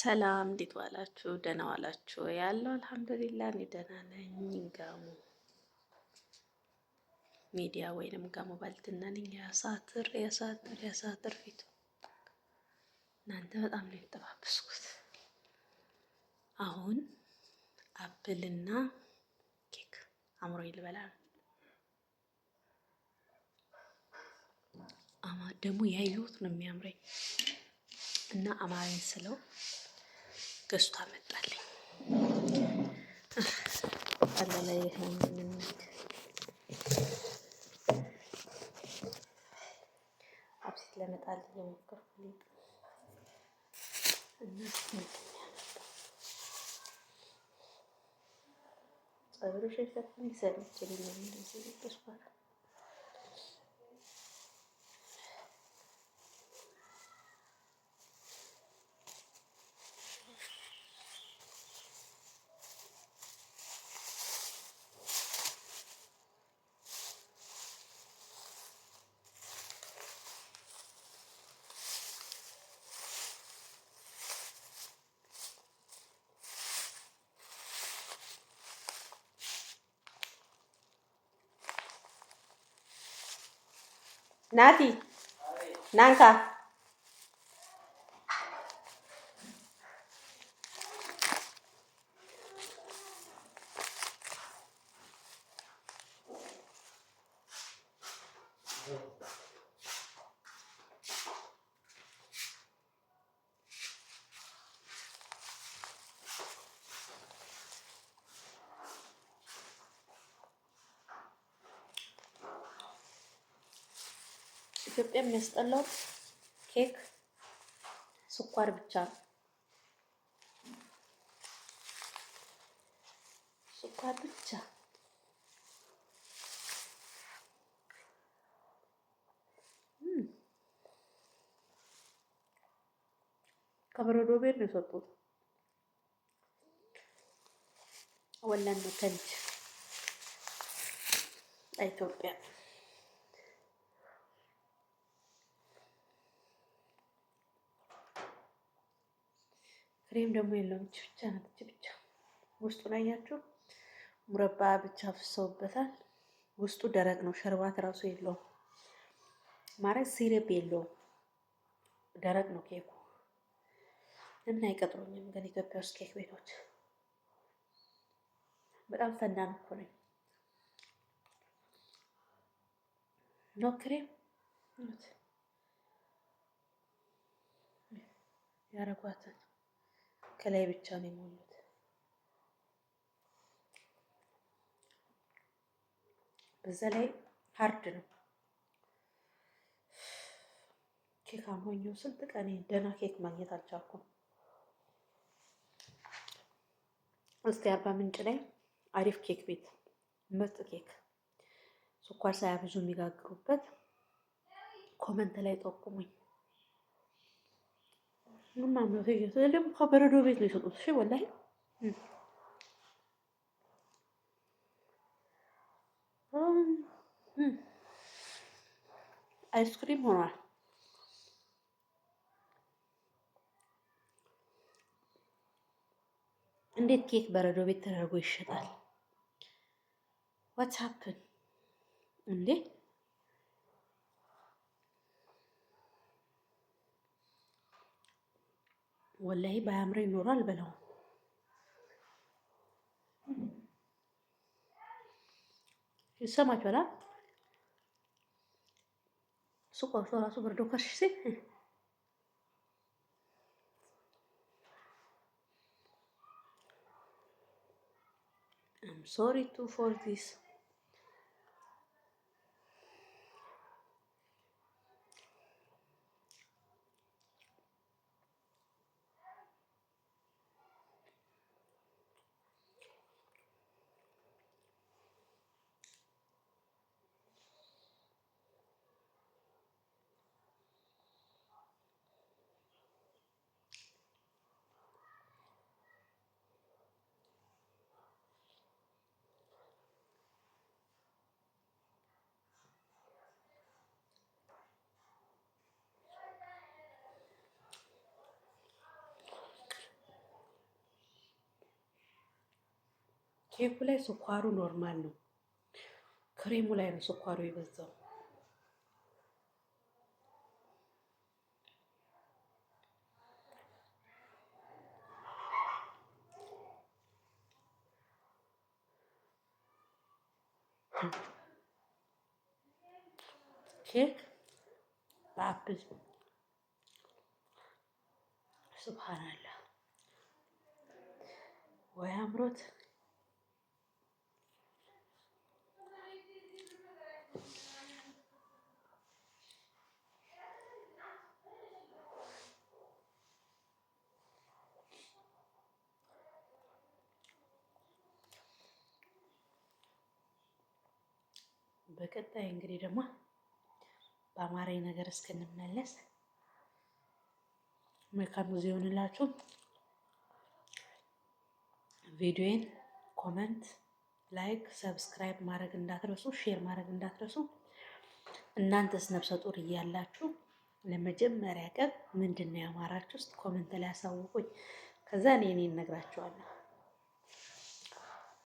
ሰላም እንዴት ዋላችሁ? ደህና ዋላችሁ? ያለው አልሐምዱሊላ እኔ ደህና ነኝ። ጋሙ ሚዲያ ወይንም ጋሙ ባልትና ነኝ። ያሳትር ያሳትር ያሳትር ፊቱ እናንተ በጣም ነው የተጠባበስኩት። አሁን አፕልና ኬክ አምሮ ይልበላ አማ ደግሞ ያየሁት ነው የሚያምረኝ እና አማረኝ ስለው ገዝቶ አመጣልኝ። አለላይ አብሲት ለመጣል እየሞከርኩ እና ጸጉሮሽ ሰጥኝ ሰለቸኝ እንደዚህ 哪里？哪个？ኢትዮጵያ የሚያስጠላው ኬክ ስኳር ብቻ ነው። ስኳር ብቻ ከበረዶ ቤት ነው የሰጡት። ወላሂ ነው ከልጅ ኢትዮጵያ ክሬም ደግሞ የለውም። እች ብቻ ናት። እች ብቻ ውስጡ ላይ ያችሁ ሙረባ ብቻ ፍሰውበታል። ውስጡ ደረቅ ነው። ሸርባት ራሱ የለውም ማለት ሲረብ የለውም። ደረቅ ነው ኬኩ እና አይቀጥሩኝም። ግን ኢትዮጵያ ውስጥ ኬክ ቤቶች በጣም ፈናን እኮ ነኝ። ኖ ክሬም ያረጓትን ከላይ ብቻ ነው የሞሉት። በዛ ላይ ሀርድ ነው ኬክ አሞኛው። ስንት ቀን ደህና ኬክ ማግኘት አልቻልኩም። እስቲ አርባ ምንጭ ላይ አሪፍ ኬክ ቤት ምርጥ ኬክ ስኳር ሳያብዙ የሚጋግሩበት ኮመንት ላይ ጠቁሙኝ። ما عمرو غير هذا اللي مخبر روبيت لي صدق شي والله ايس كريم هنا عندي كيك برادو بيت ترى وش شغال واتس هابن عندي ወላሂ ባያምረ ይኖራል በለው። ይሰማችኋል? ስቆርሶ ራሱ ብርዶ ከሽ ሲል አም ሶሪ ቱ ፎር ዲስ ኬኩ ላይ ስኳሩ ኖርማል ነው። ክሬሙ ላይ ነው ስኳሩ የበዛው። ኬክ በአፕል ስብሃናላ ወይ አምሮት በቀጣይ እንግዲህ ደግሞ በአማራዊ ነገር እስክንመለስ መልካም ጊዜ ይሆንላችሁ። ቪዲዮን ኮመንት፣ ላይክ፣ ሰብስክራይብ ማድረግ እንዳትረሱ፣ ሼር ማድረግ እንዳትረሱ። እናንተስ ነፍሰ ጡር እያላችሁ ለመጀመሪያ ቀን ምንድን ነው ያማራችሁ? ውስጥ ኮመንት ላይ አሳውቁኝ። ከዛ እኔ እኔ እነግራችኋለሁ።